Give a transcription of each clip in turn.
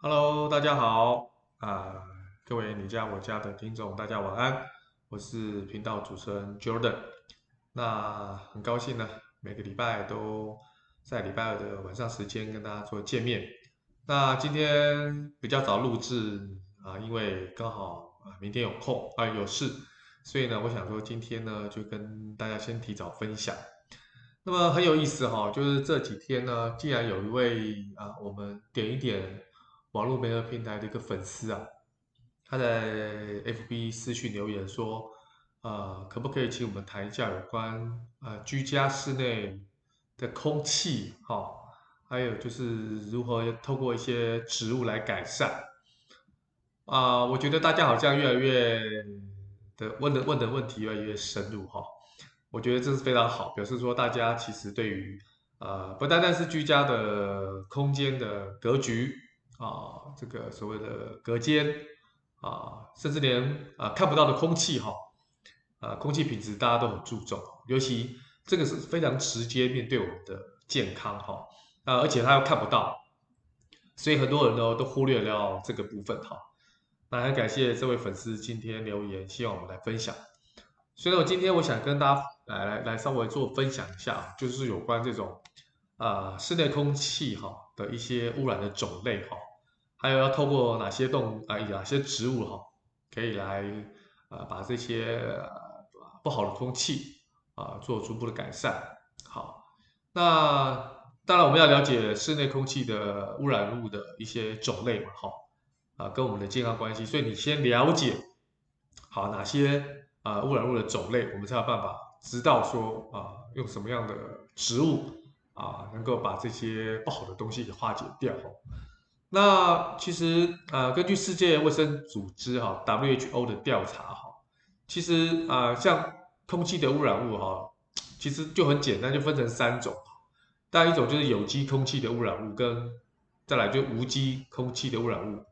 Hello，大家好啊，各位你家我家的聽眾，大家晚安。我是頻道主持人 Jordan，那很高興呢，每個禮拜都在禮拜二的晚上時間跟大家做見面。那今天比較早錄製啊，因為剛好啊明天有空啊有事，所以呢，我想說今天呢就跟大家先提早分享。那麼很有意思哈、哦，就是這幾天呢，竟然有一位啊，我們點一點。網絡媒體平台的一個粉絲啊，他在 FB 私訊留言說：“呃，可不可以請我們談一下有關呃居家室內的空氣哈？還有就是如何透過一些植物來改善？”啊、呃，我覺得大家好像越來越的問的問的問題越來越深入哈。我覺得這是非常好，表示說大家其實對於呃不單單是居家的空間的格局。啊，這個所謂的隔間啊，甚至連啊看不到的空氣哈，呃、啊，空氣品質大家都很注重，尤其這個是非常直接面對我們的健康哈，那、啊、而且他又看不到，所以很多人呢都忽略了這個部分哈、啊。那很感謝這位粉絲今天留言，希望我們來分享。所以呢，今天我想跟大家來來來稍微做分享一下，就是有關這種啊室內空氣哈的一些汙染的種類哈。還有要透過哪些動物，哪些植物哈，可以來、呃、把這些不好的空氣啊、呃、做逐步的改善。好，那當然我們要了解室內空氣的污染物的一些種類嘛，哈、呃、啊，跟我們的健康關係。所以你先了解好哪些啊、呃、污染物的種類，我們才有辦法知道說啊、呃、用什麼樣的植物啊、呃、能夠把這些不好的東西給化解掉。那其實啊、呃，根據世界衛生組織哈、哦、（WHO） 的調查哈、哦，其實啊、呃，像空氣的污染物哈、哦，其實就很簡單，就分成三種。當然一種就是有機空氣的污染物，跟再來就無機空氣的污染物，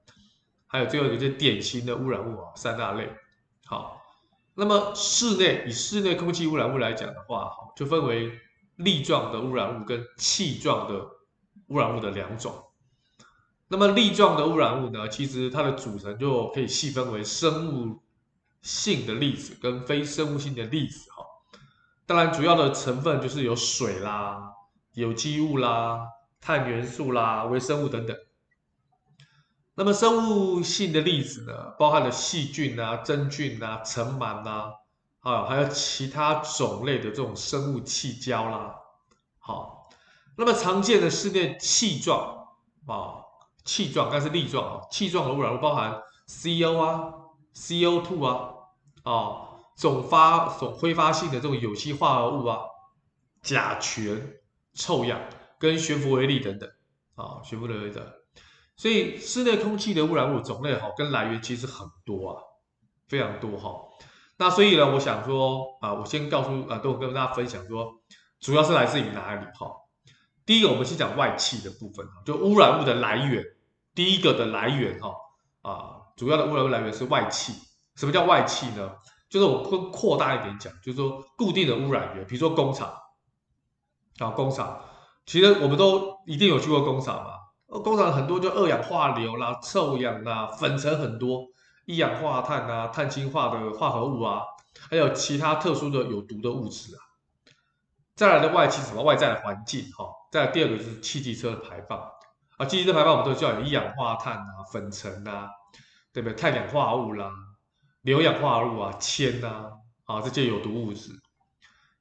還有最後就是典型的污染物啊、哦，三大類。好、哦，那麼室內以室內空氣污染物來講的話，哦、就分為粒狀的污染物跟氣狀的污染物的兩種。那麼粒狀的污染物呢，其實它的組成就可以細分為生物性的粒子跟非生物性的粒子哈、哦。當然，主要的成分就是有水啦、有機物啦、碳元素啦、微生物等等。那麼生物性的粒子呢，包含了細菌啦、啊、真菌啊、塵蟎啊啊，還有其他種類的這種生物氣膠啦。好，那麼常見的是那氣狀啊。氣狀，但是粒狀。氣狀的污染物，包含 CO 啊、CO2 啊，啊、哦，總發總揮發性的這種有機化合物啊，甲醛、臭氧跟懸浮微粒等等，啊、哦，懸浮微粒等等。所以室內空氣的污染物種類哈、哦，跟來源其實很多啊，非常多哈、哦。那所以呢，我想說啊，我先告訴啊，都跟大家分享說，主要是來自於哪裡哈、哦？第一個，我們先講外氣的部分哈，就污染物的來源。第一個的來源哈啊，主要的污染物來源是外氣。什麼叫外氣呢？就是我擴擴大一點講，就是說固定的污染源，比如說工廠啊，然後工廠其實我們都一定有去過工廠嘛。工廠很多就二氧化硫啦、臭氧啦、粉塵很多、一氧化碳啊、碳氫化的化合物啊，還有其他特殊的有毒的物質啊。再來的外氣是什麼？外在的環境哈。再來第二個就是汽機車的排放。啊，廢氣的排放我們都知道有一氧化碳啊、粉塵啊，對不對？碳氧化物啦、啊、硫氧化物啊、鉛啊，啊，這些有毒物質。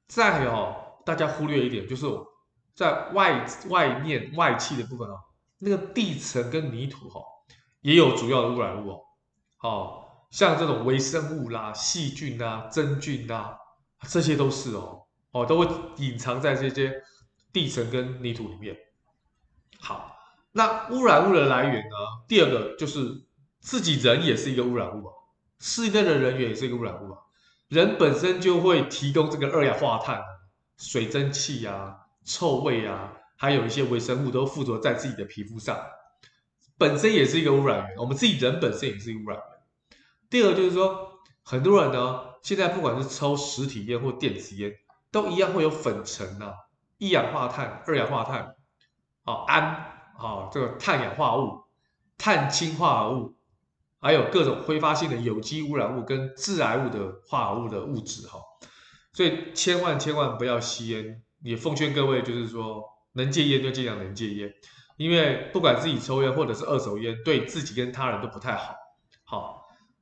再有、哦，大家忽略一點，就是在外外面外氣的部分哦，那個地層跟泥土哦，也有主要的污染物哦。哦，像這種微生物啦、啊、細菌啦、啊、真菌啦、啊，這些都是哦，哦，都會隱藏在這些地層跟泥土裡面。好。那污染物的來源呢？第二個就是自己人也是一個污染物啊，室內的人員也是一個污染物啊，人本身就會提供這個二氧化碳、水蒸氣啊、臭味啊，還有一些微生物都附着在自己的皮膚上，本身也是一個污染源。我們自己人本身也是一個污染源。第二個就是說，很多人呢，現在不管是抽實體煙或電子煙，都一樣會有粉塵啊、一氧化碳、二氧化碳、啊氨。好、哦、這個碳氧化物、碳氫化合物，還有各種揮發性的有機污染物，跟致癌物的化合物的物質，哈、哦，所以千萬千萬不要吸煙。也奉勸各位，就是說能戒煙就盡量能戒煙，因為不管自己抽煙或者是二手煙，對自己跟他人都不太好，好、哦。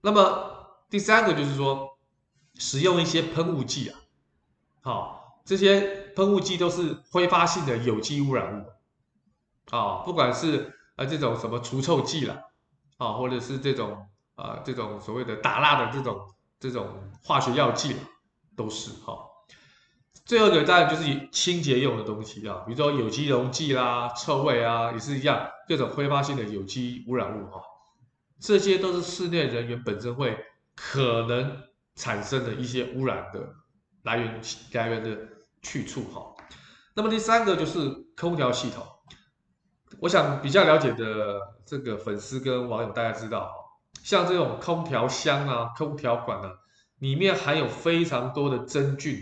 那麼第三個就是說，使用一些噴霧劑啊，好、哦，這些噴霧劑都是揮發性的有機污染物。啊、哦，不管是啊這種什麼除臭劑啦，啊，或者是這種啊、呃、這種所謂的打蠟的這種這種化學藥劑啦，都是哈、哦。最後一個當然就是清潔用的東西啊、哦，比如說有機溶劑啦、臭味啊，也是一樣各種揮發性的有機污染物哈、哦。這些都是室內人員本身會可能產生的一些污染的來源來源的去處哈、哦。那麼第三個就是空調系統。我想比較了解的這個粉絲跟網友，大家知道，像這種空調箱啊、空調管啊，裡面含有非常多的真菌、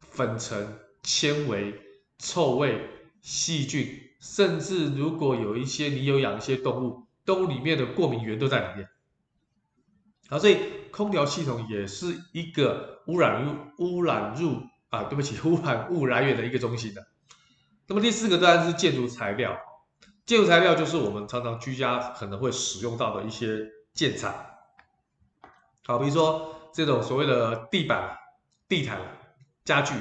粉塵、纖維、臭味、細菌，甚至如果有一些你有養一些動物，動物裡面的過敏源都在裡面。好，所以空調系統也是一個污染污染入啊，對不起，污染物來源的一個中心的。那麼第四個當然是建築材料。建築材料就是我們常常居家可能會使用到的一些建材，好，比如說這種所謂的地板、地毯、家具，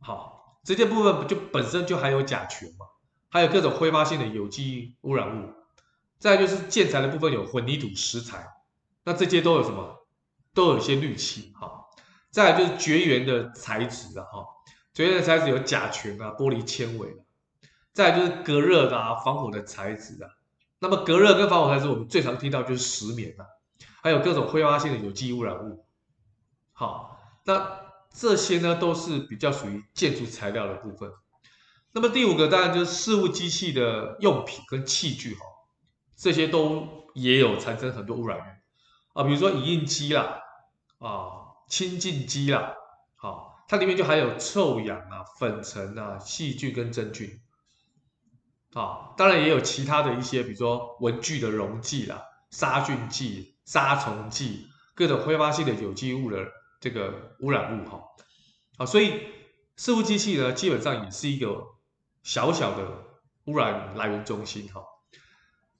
好，這些部分不就本身就含有甲醛嘛，還有各種揮發性的有機污染物。再來就是建材的部分有混凝土、石材，那這些都有什麼？都有一些氯氣，好。再來就是絕緣的材質了，哈，絕緣的材質有甲醛啊、玻璃纖維。再來就是隔熱的、啊、防火的材質的、啊、那麼隔熱跟防火材質，我們最常聽到就是石棉的、啊、還有各種揮發性的有機污染物。好、哦，那這些呢，都是比較屬於建築材料的部分。那麼第五個當然就是事務機器的用品跟器具哈、哦，這些都也有產生很多污染源啊，比如說影印機啦啊、清淨機啦，好、啊，它裡面就含有臭氧啊、粉塵啊、細菌跟真菌。啊，當然也有其他的一些，比如說文具的溶劑啦、殺菌劑、殺蟲劑、各種揮發性的有機物的這個污染物哈。啊，所以事務機器呢，基本上也是一個小小的污染來源中心哈。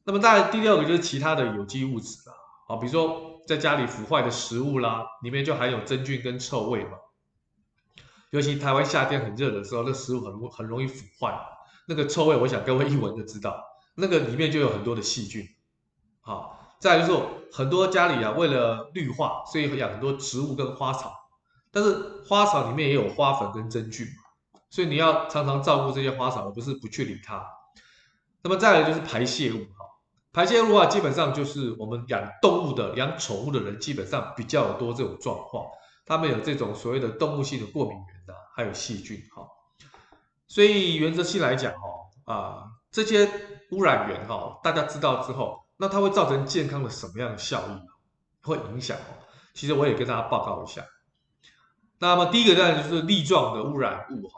那麼，當然，第六個就是其他的有機物質啦。啊，比如說在家裡腐壞的食物啦，裡面就含有真菌跟臭味嘛。尤其台灣夏天很熱的時候，那食物很很容易腐壞。那個臭味，我想各位一聞就知道，那個裡面就有很多的細菌。好，再來就是說，很多家裡啊，為了綠化，所以養很多植物跟花草，但是花草裡面也有花粉跟真菌，所以你要常常照顧這些花草，而不是不去理它。那麼再來就是排泄物哈，排泄物啊，基本上就是我們養動物的，養寵物的人，基本上比較有多這種狀況，他們有這種所謂的動物性的過敏原吶，啊，還有細菌哈。好。所以原則性來講，哦、啊，啊，這些污染源，哈大家知道之後，那它會造成健康的什麼樣的效益，會影響，其實我也跟大家報告一下。那麼第一個呢，就是粒狀的污染物，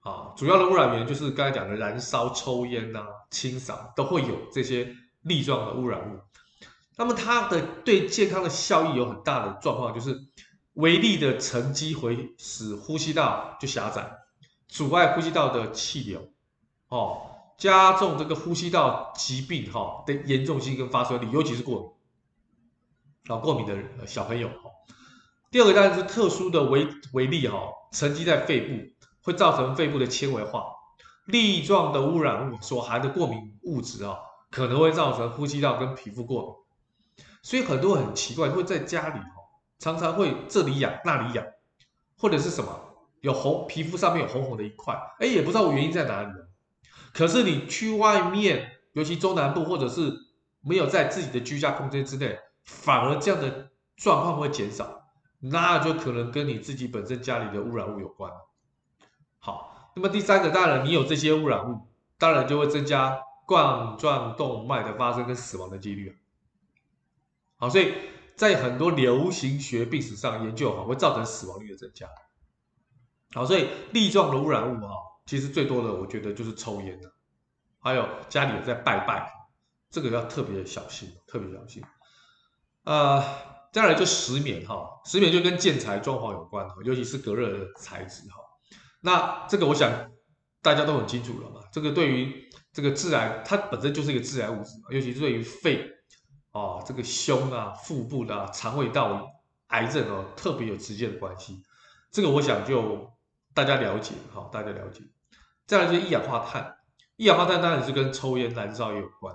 哈，啊，主要的污染源就是剛才講的燃燒、抽煙吶、啊、清掃都會有這些粒狀的污染物。那麼它的對健康的效益有很大的狀況，就是微粒的沉積會使呼吸道就狹窄。阻礙呼吸道的氣流，哦，加重這個呼吸道疾病哈的嚴重性跟發生率，尤其是過敏，老過敏的人和小朋友。哦、第二個當然是特殊的微微粒哈沉積在肺部，會造成肺部的纖維化。粒狀的污染物所含的過敏物質啊、哦，可能會造成呼吸道跟皮膚過敏。所以很多很奇怪會在家裡哈，常常會這裡癢那裡癢，或者是什麼。有紅皮膚上面有紅紅的一塊，哎，也不知道我原因在哪裡。可是你去外面，尤其中南部或者是沒有在自己的居家空間之內，反而這樣的狀況會減少，那就可能跟你自己本身家裡的污染物有關。好，那麼第三個，當然你有這些污染物，當然就會增加冠狀動脈的發生跟死亡的幾率啊。好，所以在很多流行學病史上研究好，好會造成死亡率的增加。好，所以粒狀的污染物哈，其實最多的我覺得就是抽煙，還有家裡也在拜拜，這個要特別小心，特別小心。呃，接下來就石棉哈，石棉哦就跟建材裝潢有關，尤其是隔熱的材質哈。那這個我想大家都很清楚了嘛，這個對於這個致癌，它本身就是一個致癌物質，尤其是對於肺啊、哦、這個胸啊、腹部的、啊、腸胃道癌症哦，特別有直接的關係。這個我想就。大家了解好，大家了解。再來就是一氧化碳，一氧化碳當然是跟抽菸、燃燒也有關。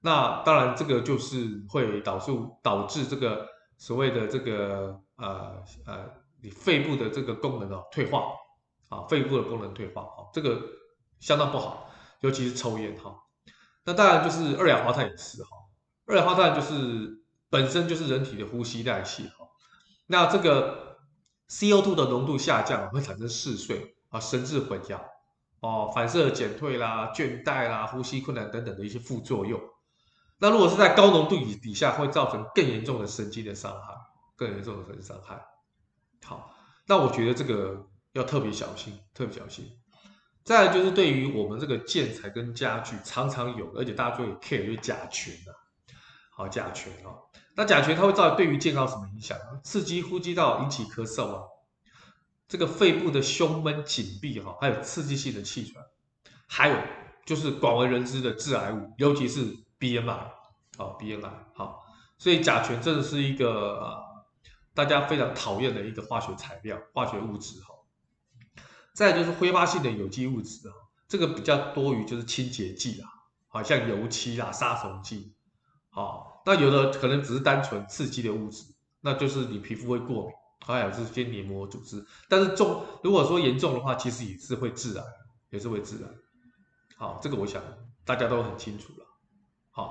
那當然這個就是會導致導致這個所謂的這個呃呃，你、呃、肺部的這個功能哦退化啊，肺部的功能退化，好，這個相當不好，尤其是抽菸哈。那當然就是二氧化碳也是哈，二氧化碳就是本身就是人體的呼吸代謝哈。那這個。CO2 的濃度下降會產生嗜睡啊，神志混淆，哦，反射減退啦，倦怠啦，呼吸困難等等的一些副作用。那如果是在高濃度底底下，會造成更嚴重的神經的傷害，更嚴重的神經傷害。好，那我覺得這個要特別小心，特別小心。再來就是對於我們這個建材跟家具，常常有，而且大家注意 care，就是甲醛啊。啊甲醛哦，那甲醛它會造成對於健康什麼影響？刺激呼吸道，引起咳嗽啊，這個肺部的胸悶緊閉哈，還有刺激性的氣喘，還有就是廣為人知的致癌物，尤其是 BMI，好 BMI，好，所以甲醛真的是一個啊，大家非常討厭的一個化學材料、化學物質哈。再來就是揮發性的有機物質啊，這個比較多於就是清潔劑啊，好像油漆啊、殺蟲劑。好、哦，那有的可能只是單純刺激的物質，那就是你皮膚會過敏，還有是些黏膜組織。但是重，如果說嚴重的話，其實也是會致癌，也是會致癌。好、哦，這個我想大家都很清楚了。好、哦，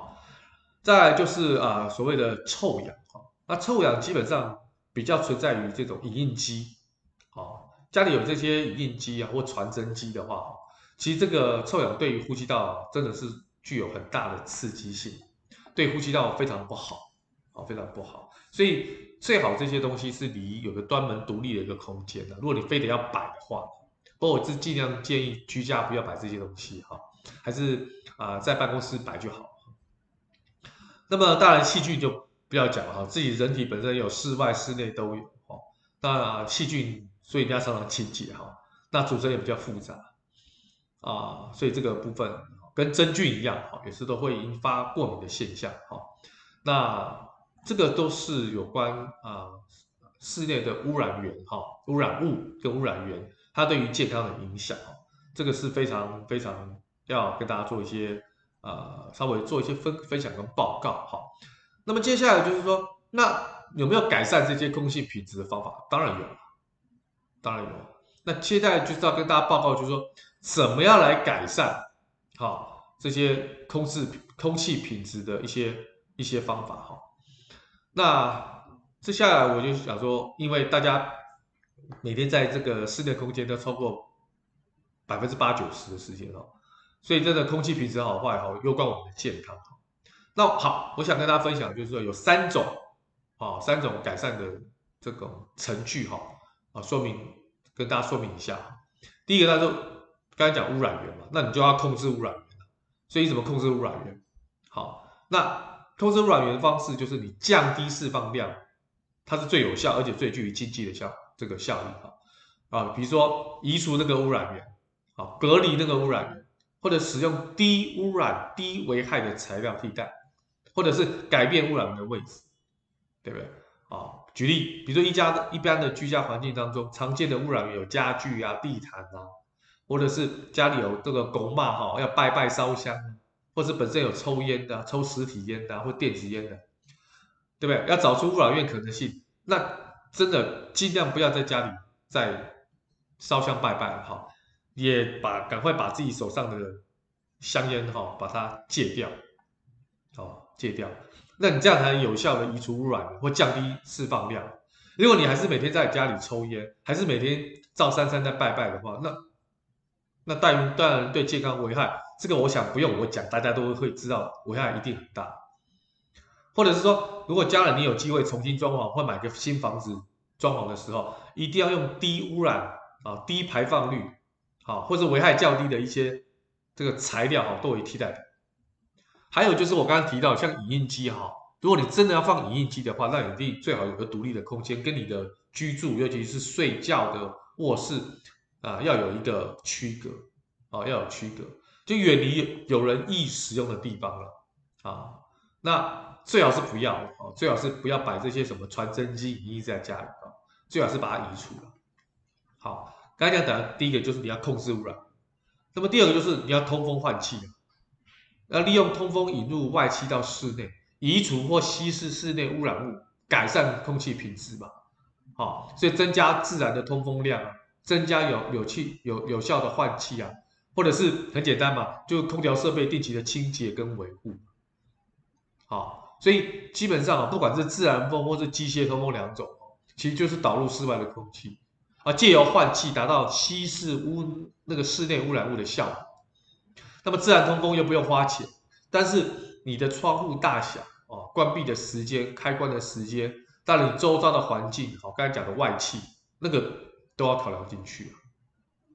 再來就是啊，所謂的臭氧、哦，那臭氧基本上比較存在於這種影印機，好、哦，家裡有這些影印機啊或傳真機的話，其實這個臭氧對於呼吸道、啊、真的是具有很大的刺激性。對呼吸道非常不好，啊，非常不好。所以最好這些東西是你有個專門獨立的一個空間的。如果你非得要擺的話，不過我是盡量建議居家不要擺這些東西哈，還是啊在辦公室擺就好。那麼當然細菌就不要講了哈，自己人體本身有，室外室內都有哈。啊，細菌所以一定要常常清潔哈，那組成也比較複雜啊，所以這個部分。跟真菌一樣，哈，也是都會引發過敏的現象，哈。那這個都是有關啊、呃、室內的污染源，哈，污染物跟污染源它對於健康的影響，這個是非常非常要跟大家做一些啊、呃、稍微做一些分分享跟報告，哈。那麼接下來就是說，那有沒有改善這些空氣品質的方法？當然有，當然有。那接下來就是要跟大家報告，就是說怎麼樣來改善，好。這些空氣空氣品質的一些一些方法哈，那接下來我就想說，因為大家每天在這個室內空間都超過百分之八九十的時間哦，所以這個空氣品質好壞哈，攸關我們的健康。那好，我想跟大家分享，就是說有三種啊，三種改善的這種程序哈，啊，說明跟大家說明一下。第一個，那就剛才講污染源嘛，那你就要控制污染源。所以怎麼控制污染源？好，那控制污染源的方式就是你降低釋放量，它是最有效而且最具有經濟的效這個效益啊啊，比如說移除那個污染源，啊，隔離那個污染源，或者使用低污染、低危害的材料替代，或者是改變污染源的位置，對不對？啊，舉例，比如說一家一般的居家環境當中，常見的污染源有家具啊、地毯啊。或者是家裡有這個公媽哈，要拜拜燒香，或者本身有抽菸的，抽實體菸的或電子菸的，對不對？要找出污染源可能性，那真的盡量不要在家裡再燒香拜拜了哈，也把趕快把自己手上的香菸哈，把它戒掉，哦，戒掉。那你這樣才能有效的移除污染或降低釋放量。如果你還是每天在家裡抽菸，還是每天照三三在拜拜的話，那。那帶當然對健康危害，這個我想不用我講，大家都會知道，危害一定很大。或者是說，如果家人你有機會重新裝潢或買個新房子裝潢的時候，一定要用低汙染啊、低排放率或者危害較低的一些這個材料都作為替代的。還有就是我剛才提到，像影印機哈，如果你真的要放影印機的話，那你一定最好有個獨立的空間，跟你的居住，尤其是睡覺的臥室。啊，要有一個區隔，啊，要有區隔，就遠離有人易使用的地方了，啊，那最好是不要，哦、啊，最好是不要擺這些什麼傳真機、影印在家裡，哦、啊，最好是把它移除了。好、啊，剛才講等，等下第一個就是你要控制污染，那麼第二個就是你要通風換氣，啊、要利用通風引入外氣到室內，移除或稀釋室內污染物，改善空氣品質嘛，好、啊，所以增加自然的通風量啊。增加有有氣有有效的換氣啊，或者是很簡單嘛，就是空調設備定期的清潔跟維護。好，所以基本上啊，不管是自然風或是機械通風兩種，其實就是導入室外的空氣啊，借由換氣達到稀釋污，那個室內污染物的效果。那麼自然通風又不用花錢，但是你的窗戶大小啊，關閉的時間、開關的時間，那你周遭的環境，好，啊，剛才講的外氣那個。都要考量進去，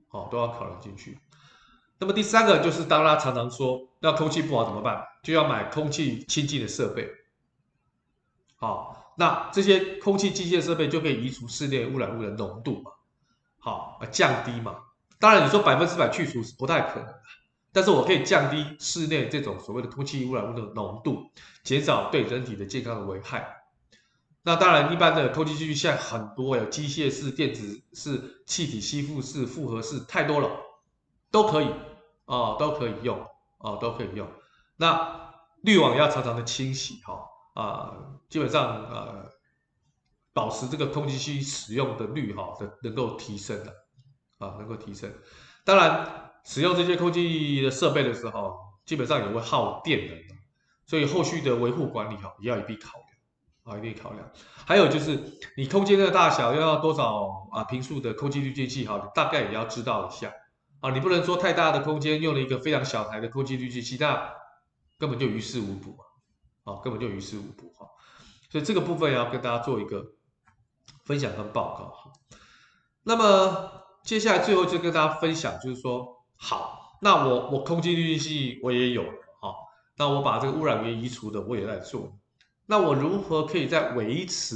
好，都要考量進去。那麼第三個就是，當然常常說，那空氣不好怎麼辦？就要買空氣清淨的設備，好，那這些空氣機械設備就可以移除室內污染物的濃度嘛，好，降低嘛。當然你說百分之百去除是不太可能，但是我可以降低室內這種所謂的空氣污染物的濃度，減少對人體的健康的危害。那當然，一般的空氣淨化器現在很多有機械式、電子式、氣體吸附式、複合式，太多了，都可以啊、哦，都可以用啊、哦、都可以用。那濾網要常常的清洗哈啊、哦呃，基本上呃，保持這個空氣淨化器使用的率哈的、哦、能夠提升的啊、哦，能夠提升。當然，使用這些空氣的設備的時候，基本上也會耗電的，所以後續的維護管理哈也要一併考慮。好，一定考量。還有就是，你空間的大小要多少啊？坪數的空氣濾淨器，哈，大概也要知道一下啊。你不能說太大的空間用了一個非常小台的空氣濾淨器，那根本就於事無補啊。根本就於事無補哈，啊。所以這個部分要跟大家做一個分享跟報告。那麼接下來最後就跟大家分享，就是說，好，那我我空氣濾淨器我也有啊。那我把這個污染源移除的，我也在做。那我如何可以在維持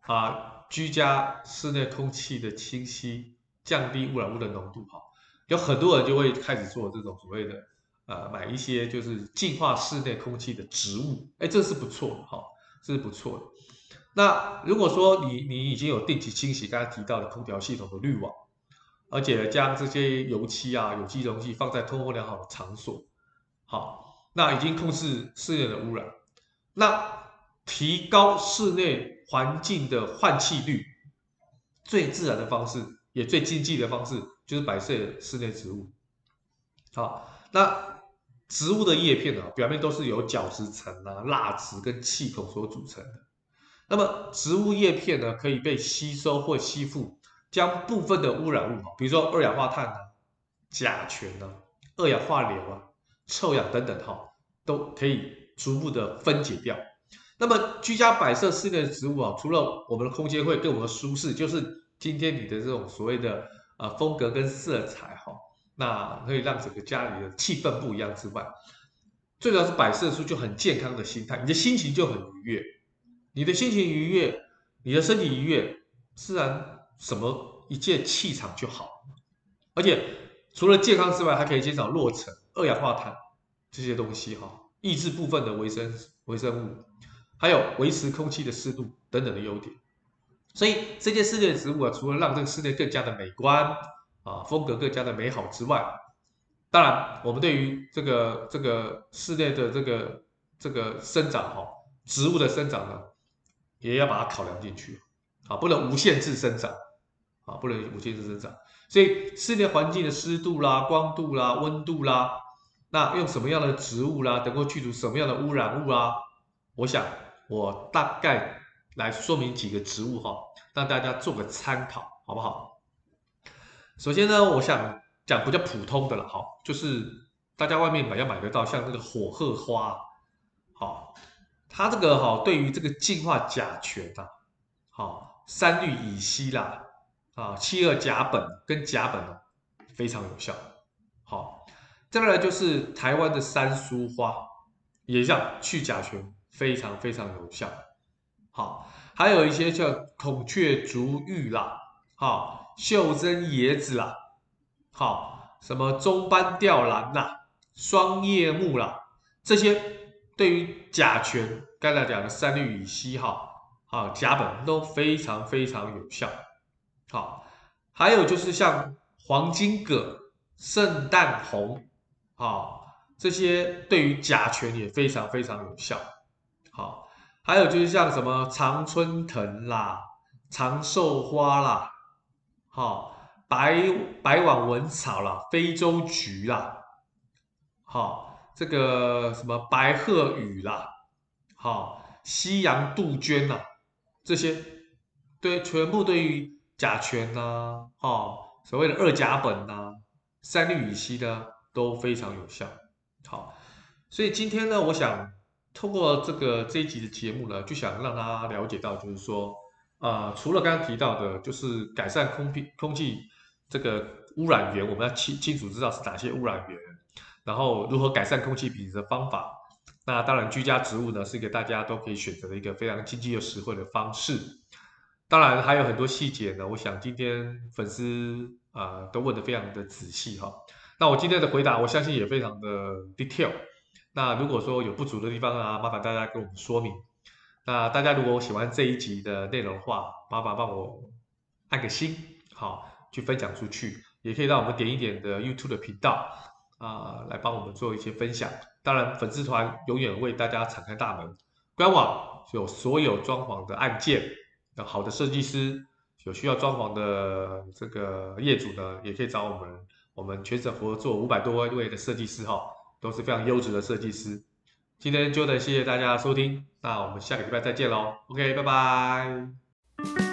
啊居家室內空氣的清新，降低污染物的濃度？哈，有很多人就會開始做這種所謂的呃、啊、買一些就是淨化室內空氣的植物。哎，這是不錯的哈、哦，這是不錯的。那如果說你你已經有定期清洗，剛剛提到的空調系統的濾網，而且將這些油漆啊有機溶劑放在通風良好的場所，好，那已經控制室內的污染。那提高室內環境的換氣率，最自然的方式，也最經濟的方式，就是擺設室內植物。好，那植物的葉片呢，表面都是由角質層啊、蠟質跟氣孔所組成的。那麼植物葉片呢，可以被吸收或吸附，將部分的污染物，比如說二氧化碳、啊、甲醛呢、啊、二氧化硫啊、臭氧等等、啊，哈，都可以。逐步的分解掉。那麼，居家擺設室內的植物啊、哦，除了我們的空間會更我們的舒適，就是今天你的這種所謂的啊、呃、風格跟色彩哈、哦，那可以讓整個家裡的氣氛不一樣之外，最主要是擺設出就很健康的心態，你的心情就很愉悅，你的心情愉悅，你的身體愉悅，自然什麼一件氣場就好。而且除了健康之外，還可以減少落塵、二氧化碳這些東西哈、哦。抑制部分的微生微生物，還有維持空氣的濕度等等的優點。所以這些室內的植物啊，除了讓這個室內更加的美觀啊，風格更加的美好之外，當然我們對於這個這個室內的這個這個生長哈、哦，植物的生長呢，也要把它考量進去啊，不能無限制生長啊，不能無限制生長。所以室內環境的濕度啦、光度啦、溫度啦。那用什麼樣的植物啦、啊，能夠去除什麼樣的汙染物啦、啊？我想我大概來說明幾個植物哈、哦，讓大家做個參考，好不好？首先呢，我想講比較普通的了，哈，就是大家外面買要買得到，像那個火鶴花，好、哦，它這個哈、哦，對於這個淨化甲醛啊，好、哦，三氯乙烯啦，啊、哦，七二甲苯跟甲苯、啊，非常有效。再來就是台灣的山蘇花，也像去甲醛非常非常有效。好，還有一些叫孔雀竹芋啦，好，袖珍椰子啦，好，什麼中斑吊蘭啦，雙葉木啦，這些對於甲醛剛才講的三氯乙烯、哈，啊，甲苯都非常非常有效。好，還有就是像黃金葛、聖誕紅。好、哦，這些對於甲醛也非常非常有效。好、哦，還有就是像什麼常春藤啦、長壽花啦、好、哦、白白網紋草啦、非洲菊啦、好、哦、這個什麼白鶴芋啦、好、哦、西洋杜鵑啦，這些對全部對於甲醛吶、啊、好、哦、所謂的二甲苯吶、啊、三氯乙烯的。都非常有效，好，所以今天呢，我想通過這個這一集的節目呢，就想讓大家了解到，就是說，啊、呃，除了剛剛提到的，就是改善空氣、空氣這個汙染源，我們要清清楚知道是哪些汙染源，然後如何改善空氣品質的方法。那當然，居家植物呢，是一個大家都可以選擇的一個非常經濟又實惠的方式。當然還有很多細節呢，我想今天粉絲啊、呃、都問得非常的仔細哈、哦。那我今天的回答，我相信也非常的 detail。那如果說有不足的地方啊，麻煩大家跟我們說明。那大家如果喜歡這一集的內容的話，麻煩幫我按個心，好，去分享出去，也可以讓我們點一點的 YouTube 的頻道啊、呃，來幫我們做一些分享。當然，粉絲團永遠為大家敞開大門，官網有所有裝潢的案件。有好的設計師，有需要裝潢的這個業主呢，也可以找我們。我們全省合作五百多位的設計師，哦，哈，都是非常優質的設計師。今天就等謝謝大家收聽，那我們下個禮拜再見嘍。OK，拜拜。